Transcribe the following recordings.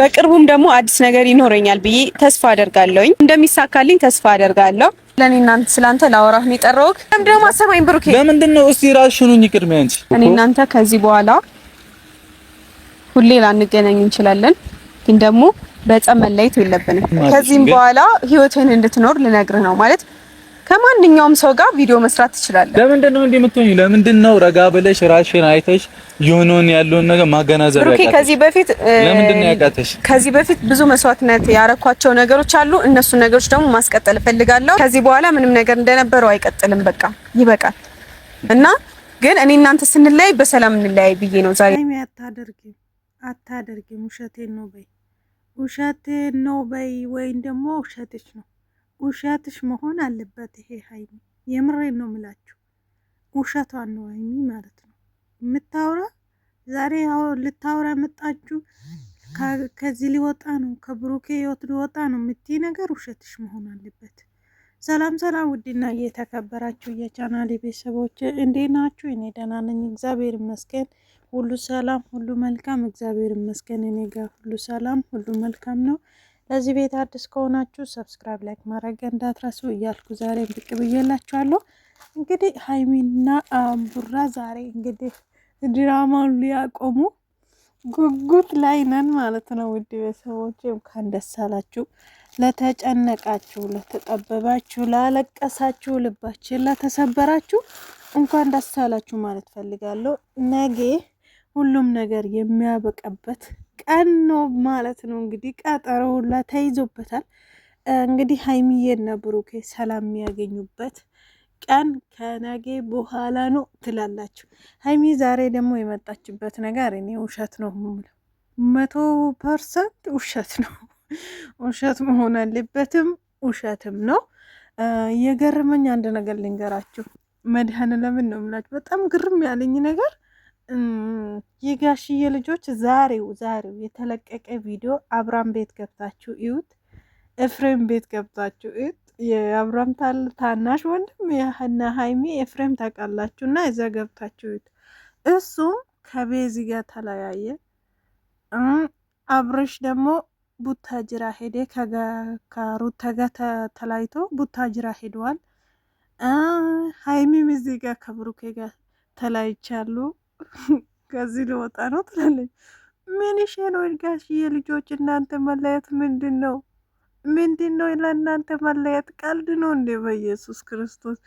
በቅርቡም ደግሞ አዲስ ነገር ይኖረኛል ብዬ ተስፋ አደርጋለሁኝ። እንደሚሳካልኝ ተስፋ አደርጋለሁ። ለኔ እናንተ ስላንተ ላወራህ ነው የጠራሁት። ደግሞ አሰማኝ ብሩኬ። ለምንድን ነው እስቲ ራስሽ ሁኑኝ ቅድሚያ አንቺ። እኔ እናንተ ከዚህ በኋላ ሁሌ ላንገናኝ እንችላለን፣ ግን ደግሞ በጸብ መለየት የለብንም። ከዚህም በኋላ ህይወትህን እንድትኖር ልነግርህ ነው ማለት ከማንኛውም ሰው ጋር ቪዲዮ መስራት ትችላለህ። ለምንድን ነው እንዲህ የምትሆኚ? ለምንድን ነው ረጋ ብለሽ ራሽን አይተሽ የሆነውን ያለውን ነገር ማገናዘብ ያቃተሽ? ከዚህ በፊት ለምንድን ነው ያቃተሽ? ከዚህ በፊት ብዙ መስዋዕትነት ያረኳቸው ነገሮች አሉ። እነሱን ነገሮች ደግሞ ማስቀጠል እፈልጋለሁ። ከዚህ በኋላ ምንም ነገር እንደነበረው አይቀጥልም። በቃ ይበቃል። እና ግን እኔ እናንተ ስንለያይ በሰላም እንለያይ ብዬ ነው ዛሬ። አታደርጊም፣ አታደርጊም። ውሸቴን ነው በይ፣ ውሸቴን ነው በይ፣ ወይም ደግሞ ውሸትሽ ነው ውሸትሽ መሆን አለበት ይሄ ሀይሚ፣ የምሬን ነው ምላችሁ። ውሸቷን ነው ሀይሚ ማለት ነው የምታውራ ዛሬ ያው ልታውራ መጣችሁ። ከዚህ ሊወጣ ነው ከብሩኬ ህይወት ሊወጣ ነው የምትይ ነገር ውሸትሽ መሆን አለበት። ሰላም ሰላም፣ ውድና እየተከበራችሁ የቻናል ቤተሰቦች እንዴት ናችሁ? እኔ ደህና ነኝ፣ እግዚአብሔር ይመስገን። ሁሉ ሰላም፣ ሁሉ መልካም፣ እግዚአብሔር ይመስገን። እኔ ጋር ሁሉ ሰላም፣ ሁሉ መልካም ነው። ለዚህ ቤት አዲስ ከሆናችሁ ሰብስክራይብ፣ ላይክ ማድረግ እንዳትረሱ እያልኩ ዛሬ ብቅ ብዬላችኋለሁ። እንግዲህ ሀይሚና ቡራ ዛሬ እንግዲህ ድራማውን ሊያቆሙ ጉጉት ላይ ነን ማለት ነው። ውድ ቤተሰቦች እንኳን ደስ አላችሁ። ለተጨነቃችሁ፣ ለተጠበባችሁ፣ ላለቀሳችሁ፣ ልባችን ለተሰበራችሁ እንኳን ደስ አላችሁ ማለት ፈልጋለሁ። ነገ ሁሉም ነገር የሚያበቀበት ቀን ነው ማለት ነው። እንግዲህ ቀጠሮ ሁላ ተይዞበታል። እንግዲህ ሀይሚዬና ብሩኬ ሰላም የሚያገኙበት ቀን ከነገ በኋላ ነው ትላላችሁ። ሀይሚ ዛሬ ደግሞ የመጣችበት ነገር እኔ ውሸት ነው የምለው፣ መቶ ፐርሰንት ውሸት ነው። ውሸት መሆን አለበትም ውሸትም ነው። የገረመኝ አንድ ነገር ልንገራችሁ። ለምን ነው የምላችሁ በጣም ግርም ያለኝ ነገር የጋሽዬ ልጆች ዛሬው ዛሬው የተለቀቀ ቪዲዮ አብራም ቤት ገብታችሁ እዩት፣ ኤፍሬም ቤት ገብታችሁ እዩት። የአብራም ታናሽ ወንድም የሀና ሀይሚ ኤፍሬም ታውቃላችሁ እና እዛ ገብታችሁ እዩት። እሱም ከቤዚ ጋር ተለያየ። አብረሽ ደግሞ ቡታጅራ ሄደ። ከሩታ ጋር ተለያይቶ ቡታጅራ ሄደዋል። ሀይሚም እዚህ ጋር ከብሩኬ ጋር ተለያይቻሉ። ከዚህ ልወጣ ነው ትላለች። ምን ሽ ነው ጋሽዬ? የልጆች እናንተ መለየት ምንድን ነው ምንድን ነው ለእናንተ መለየት? ቀልድ ነው እንዴ? በኢየሱስ ክርስቶስ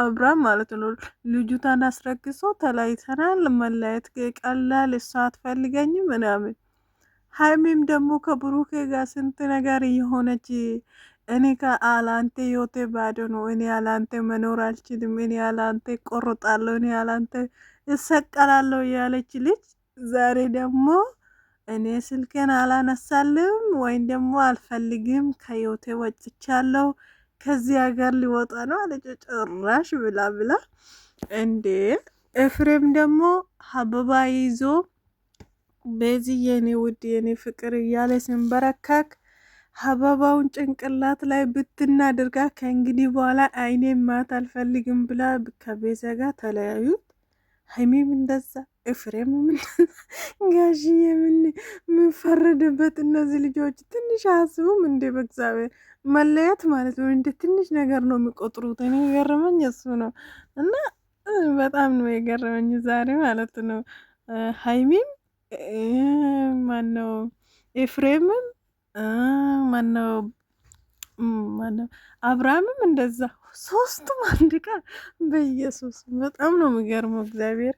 አብራም ማለት ነው ልጁታን አስረግሶ ተለያይተናል፣ መለየት ቀላል፣ እሷ አትፈልገኝም ምናምን። ሀይሚም ደግሞ ከብሩኬ ጋር ስንት ነገር የሆነች እኔ ከአላንተ ህይወቴ ባዶ ነው፣ እኔ አላንተ መኖር አልችልም፣ እኔ አላንተ ቆርጣለሁ፣ እኔ አላንተ እሰቀላለሁ ያለች ልጅ ዛሬ ደግሞ እኔ ስልኬን አላነሳልም ወይም ደግሞ አልፈልግም፣ ከህይወቴ ወጥቻለሁ፣ ከዚህ ሀገር ሊወጣ ነው አለች። ጭራሽ ብላ ብላ እንዴ! ኤፍሬም ደግሞ ሀበባ ይዞ በዚህ የኔ ውድ የኔ ፍቅር እያለ ስንበረካክ ሀበባውን ጭንቅላት ላይ ብትናድርጋ ከእንግዲህ በኋላ አይኔ ማት አልፈልግም ብላ ከቤዛ ጋር ተለያዩት። ሀይሜም እንደዛ እፍሬም እንደዛ ጋሽዬ የምን ምንፈረደበት እነዚህ ልጆች ትንሽ አያስቡም እንዴ? በእግዚአብሔር መለያት ማለት ነው እንደ ትንሽ ነገር ነው የሚቆጥሩት። እኔ የገረመኝ እሱ ነው እና በጣም ነው የገረመኝ ዛሬ ማለት ነው። ሀይሜም ማነው ኤፍሬምም ማነው ማነው አብርሃምም እንደዛ ሶስቱም አንድ ቀን በኢየሱስ በጣም ነው የሚገርመው። እግዚአብሔር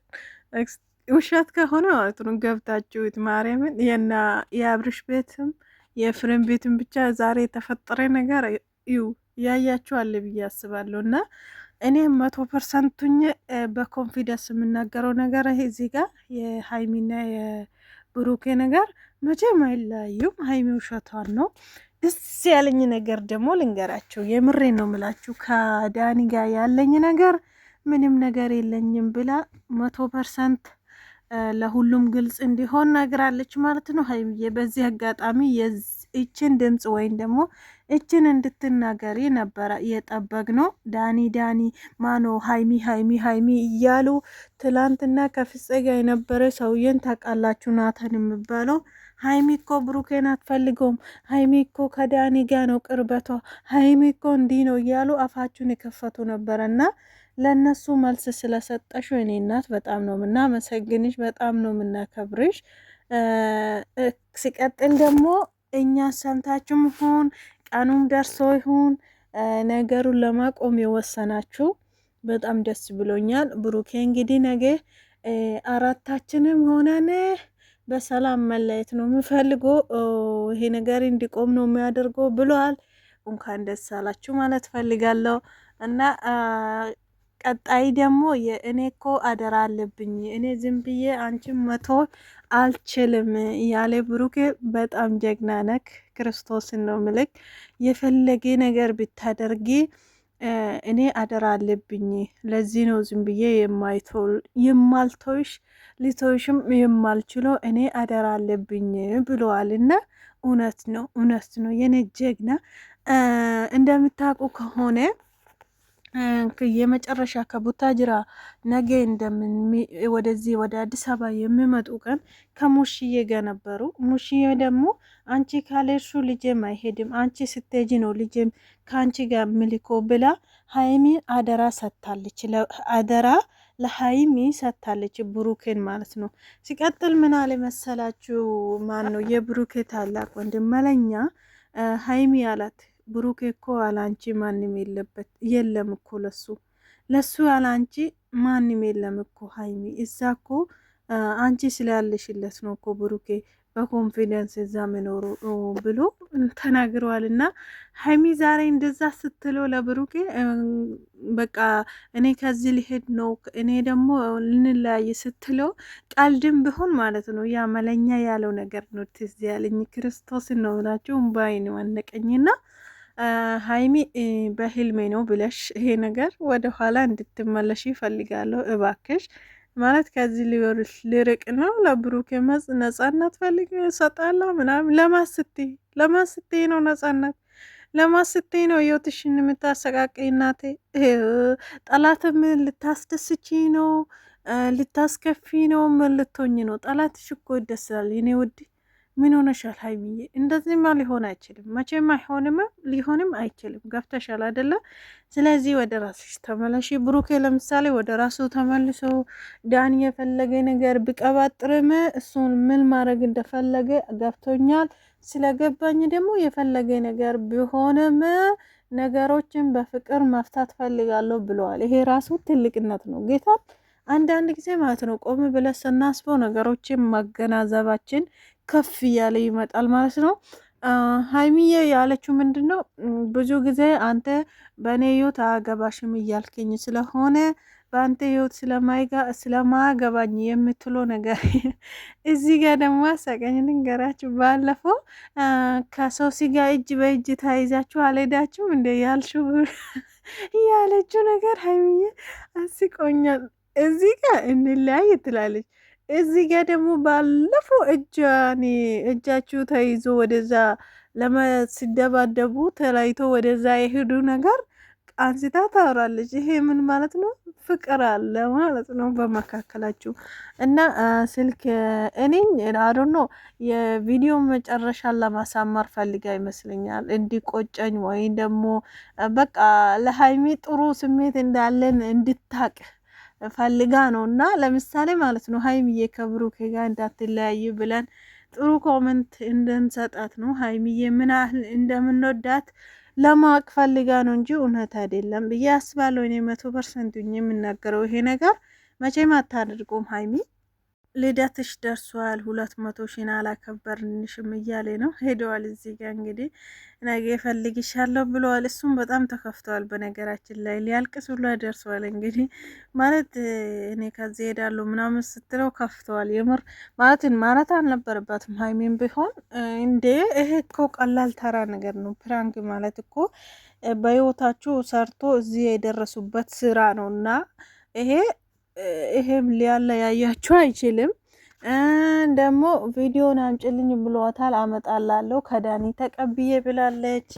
ውሸት ከሆነ ማለት ነው ገብታችሁት ማርያምን የና የአብርሽ ቤትም የፍሬም ቤትም ብቻ ዛሬ የተፈጠረ ነገር ዩ ያያችኋል ብዬ አስባለሁ። እና እኔም መቶ ፐርሰንቱኝ በኮንፊደንስ የምናገረው ነገር ይሄ እዚህ ጋር የሀይሚና የብሩኬ ነገር መቼም አይለያዩም። ሀይሚ ውሸቷን ነው። ደስ ያለኝ ነገር ደግሞ ልንገራቸው፣ የምሬ ነው ምላችሁ ከዳኒ ጋር ያለኝ ነገር ምንም ነገር የለኝም ብላ መቶ ፐርሰንት ለሁሉም ግልጽ እንዲሆን ነግራለች ማለት ነው ሀይሚዬ በዚህ አጋጣሚ እችን ድምፅ ወይም ደግሞ እችን እንድትናገሪ ነበረ የጠበቅ ነው። ዳኒ ዳኒ ማኖ ሀይሚ ሀይሚ ሀይሚ እያሉ ትላንትና ከፍፄ ጋ የነበረ ሰውዬን ታውቃላችሁ፣ ናተን የሚባለው ሀይሚ እኮ ብሩኬን አትፈልገውም፣ ሀይሚ እኮ ከዳኒ ጋ ነው ቅርበቷ፣ ሀይሚ እኮ እንዲህ ነው እያሉ አፋችሁን የከፈቱ ነበረና ለእነሱ መልስ ስለሰጠሽ እኔ እናት በጣም ነው ምናመሰግንሽ፣ በጣም ነው ምናከብርሽ። ሲቀጥል ደግሞ እኛ ሰምታችሁም ሆን ቀኑም ደርሶ ይሁን ነገሩን ለማቆም የወሰናችሁ በጣም ደስ ብሎኛል። ብሩኬ እንግዲህ ነገ አራታችንም ሆነን በሰላም መለየት ነው የምፈልጎ ይሄ ነገር እንዲቆም ነው የሚያደርገው ብሏል። እንኳን ደስ አላችሁ ማለት ፈልጋለሁ እና ቀጣይ ደግሞ የእኔ እኮ አደራ አለብኝ እኔ ዝም ብዬ አንቺም መቶ አልችልም ያለ ብሩኬ በጣም ጀግና ነክ። ክርስቶስን ነው ምልክ የፈለገ ነገር ብታደርጊ እኔ አደራ አለብኝ። ለዚህ ነው ዝም ብዬ የማልተውሽ ልተውሽም የማልችሎ እኔ አደራ አለብኝ ብለዋል እና እውነት ነው እውነት ነው የኔ ጀግና እንደምታውቁ ከሆነ የመጨረሻ ከቡታጅራ ነገ እንደምን ወደዚህ ወደ አዲስ አበባ የሚመጡ ቀን ከሙሽዬ ጋር ነበሩ። ሙሽዬ ደግሞ አንቺ ካሌርሹ ልጄም አይሄድም፣ አንቺ ስትሄጂ ነው ልጄም ከአንቺ ጋር ምልኮ ብላ ሀይሚ አደራ ሰጥታለች። አደራ ለሀይሚ ሰጥታለች፣ ብሩኬን ማለት ነው። ሲቀጥል ምን አለ መሰላችሁ? ማን ነው የብሩኬ ታላቅ ወንድም መለኛ ሀይሚ አላት ብሩኬ እኮ አላንቺ ማንም የለበት የለም እኮ ለሱ ለሱ አላንቺ ማንም የለም እኮ ሀይሚ፣ እዛ እኮ አንቺ ስላለሽለት ነው እኮ ብሩኬ በኮንፊደንስ እዛ ምኖሩ ብሎ ተናግረዋል። እና ሀይሚ ዛሬ እንደዛ ስትለው ለብሩኬ በቃ እኔ ከዚህ ሊሄድ ነው እኔ ደግሞ ልንለያይ ስትለው ቀልድም ቢሆን ማለት ነው ያ መለኛ ያለው ነገር ነው ትዝ ያለኝ ክርስቶስ ነው ናቸው ባይን ዋነቀኝና ሀይሚ በህልሜ ነው ብለሽ ይሄ ነገር ወደኋላ እንድትመለሽ ይፈልጋለሁ እባክሽ ማለት ከዚህ ልርቅ ነው። ለብሩክ መጽ ነጻነት ፈልግ ሰጣላ ምናምን ለማስቴ ለማስቴ ነው ነጻነት ለማስቴ ነው ህይወትሽን የምታሰቃቀኝ እናቴ። ጠላትም ልታስደስቺ ነው ልታስከፊ ነው። መልቶኝ ነው ጠላትሽ እኮ ይደስላል የኔ ውድ ምን ሆነሻል ሀይሚዬ? እንደዚህማ ሊሆን አይችልም፣ መቼም አይሆንም፣ ሊሆንም አይችልም። ገብተሻል አደለ? ስለዚህ ወደ ራስሽ ተመለሽ። ብሩኬ ለምሳሌ ወደ ራሱ ተመልሶ ዳን የፈለገ ነገር ብቀባጥርም እሱን ምን ማድረግ እንደፈለገ ገብቶኛል። ስለገባኝ ደግሞ የፈለገ ነገር ቢሆንም ነገሮችን በፍቅር መፍታት ፈልጋለሁ ብለዋል። ይሄ ራሱ ትልቅነት ነው ጌታ አንዳንድ ጊዜ ማለት ነው ቆም ብለን ስናስበው ነገሮችን ማገናዘባችን ከፍ እያለ ይመጣል ማለት ነው። ሀይሚዬ ያለችው ምንድን ነው? ብዙ ጊዜ አንተ በእኔ ህይወት አያገባሽም እያልክኝ ስለሆነ በአንተ ህይወት ስለማያገባኝ የምትሎ ነገር እዚህ ጋር ደግሞ አሳቀኝ ልንገራችሁ። ባለፈው ከሰው ሲጋ እጅ በእጅ ተያይዛችሁ አልሄዳችሁም እንደ ያልሹ ያለችው ነገር ሀይሚዬ አስቆኛል። እዚህ ጋር እንለያይ ትላለች። እዚህ ጋር ደግሞ ባለፈው እጃኔ እጃችሁ ተይዞ ወደዛ ለመስደባደቡ ተላይቶ ወደዛ የሄዱ ነገር አንስታ ታወራለች። ይሄ ምን ማለት ነው? ፍቅር አለ ማለት ነው በመካከላችሁ እና ስልክ እኔኝ አዶ ነው የቪዲዮ መጨረሻን ለማሳመር ፈልጋ ይመስለኛል እንዲቆጨኝ ወይም ደግሞ በቃ ለሀይሚ ጥሩ ስሜት እንዳለን እንድታቅ ፈልጋ ነው እና ለምሳሌ ማለት ነው ሀይሚዬ ከብሩኬ ጋር እንዳትለያዩ ብለን ጥሩ ኮመንት እንደንሰጣት ነው። ሀይሚዬ ምን ያህል እንደምንወዳት ለማወቅ ፈልጋ ነው እንጂ እውነት አይደለም ብዬ አስባለሁ። እኔ መቶ ፐርሰንት የምናገረው ይሄ ነገር መቼም አታደርጎም ሀይሚ ልደትሽ ደርሷል፣ ሁለት መቶ ሺን አላከበርንሽም እያለ ነው ሄደዋል። እዚህ ጋር እንግዲህ ነገ እፈልግሻለሁ ብለዋል። እሱም በጣም ተከፍተዋል። በነገራችን ላይ ሊያልቅስ ሁላ ደርሰዋል። እንግዲህ ማለት እኔ ከዚህ ሄዳለሁ ምናምን ስትለው ከፍተዋል። የምር ማለትን ማለት አልነበረባትም። ሀይሚን ቢሆን እንዴ ይሄ እኮ ቀላል ተራ ነገር ነው። ፕራንክ ማለት እኮ በህይወታችሁ ሰርቶ እዚህ የደረሱበት ስራ ነው እና ይሄ ይሄም ሊያለያያችሁ አይችልም። ደግሞ ቪዲዮን አምጭልኝ ብሏታል። አመጣላለሁ ከዳኒ ተቀብዬ ብላለች።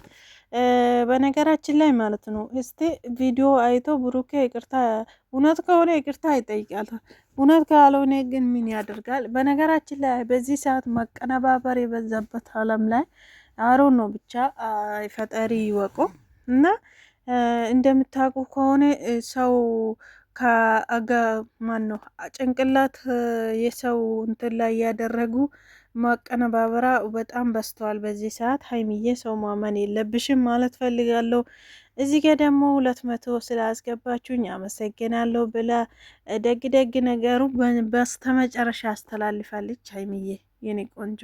በነገራችን ላይ ማለት ነው እስቲ ቪዲዮ አይቶ ብሩኬ ይቅርታ እውነት ከሆነ ይቅርታ ይጠይቃል። እውነት ካልሆነ ግን ምን ያደርጋል? በነገራችን ላይ በዚህ ሰዓት መቀነባበር የበዛበት ዓለም ላይ አሮ ነው ብቻ ፈጠሪ ይወቁ እና እንደምታውቁ ከሆነ ሰው ከአጋ ማን ነው ጭንቅላት የሰው እንትን ላይ ያደረጉ ማቀነባበራ በጣም በስተዋል። በዚህ ሰዓት ሀይሚዬ ሰው ማመን የለብሽም ማለት ፈልጋለሁ። እዚህ ጋር ደግሞ ሁለት መቶ ስላስገባችሁኝ አመሰግናለሁ ብላ ደግ ደግ ነገሩ በስተመጨረሻ አስተላልፋለች። ሀይሚዬ የኔ ቆንጆ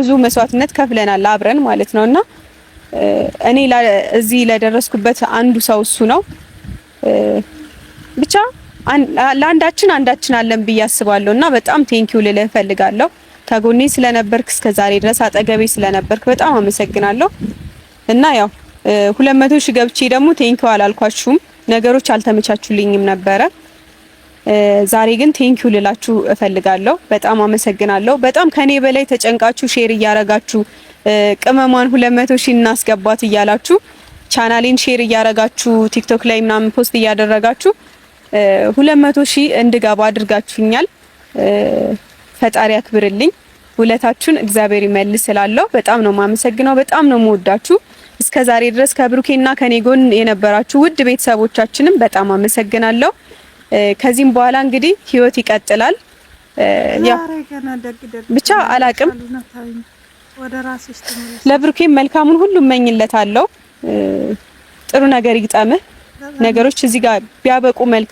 ብዙ መስዋዕትነት ከፍለናል አብረን ማለት ነውና እኔ እዚህ ለደረስኩበት አንዱ ሰው እሱ ነው። ብቻ ለአንዳችን አንዳችን አለን ብዬ አስባለሁ እና በጣም ቴንኪው ልልህ እፈልጋለሁ። ከጎኔ ስለነበርክ እስከ ዛሬ ድረስ አጠገቤ ስለነበርክ በጣም አመሰግናለሁ። እና ያው ሁለት መቶ ሺህ ገብቼ ደግሞ ቴንኪው አላልኳችሁም። ነገሮች አልተመቻቹልኝም ነበረ። ዛሬ ግን ቴንኪው ልላችሁ እፈልጋለሁ። በጣም አመሰግናለሁ። በጣም ከኔ በላይ ተጨንቃችሁ ሼር እያረጋችሁ ቅመሟን 200 ሺህ እናስገባት እያላችሁ ቻናሌን ሼር እያረጋችሁ ቲክቶክ ላይ ምናምን ፖስት እያደረጋችሁ 200 ሺህ እንድገባ አድርጋችሁኛል። ፈጣሪ ያክብርልኝ። ውለታችሁን እግዚአብሔር ይመልስ ስላለሁ በጣም ነው ማመሰግነው። በጣም ነው መወዳችሁ። እስከ ዛሬ ድረስ ከብሩኬና ከኔ ጎን የነበራችሁ ውድ ቤተሰቦቻችንም በጣም አመሰግናለሁ። ከዚህም በኋላ እንግዲህ ህይወት ይቀጥላል። ብቻ አላቅም። ለብሩኬም መልካሙን ሁሉ እመኝለታለሁ። ጥሩ ነገር ይግጠምህ። ነገሮች እዚህ ጋር ቢያበቁ መልካም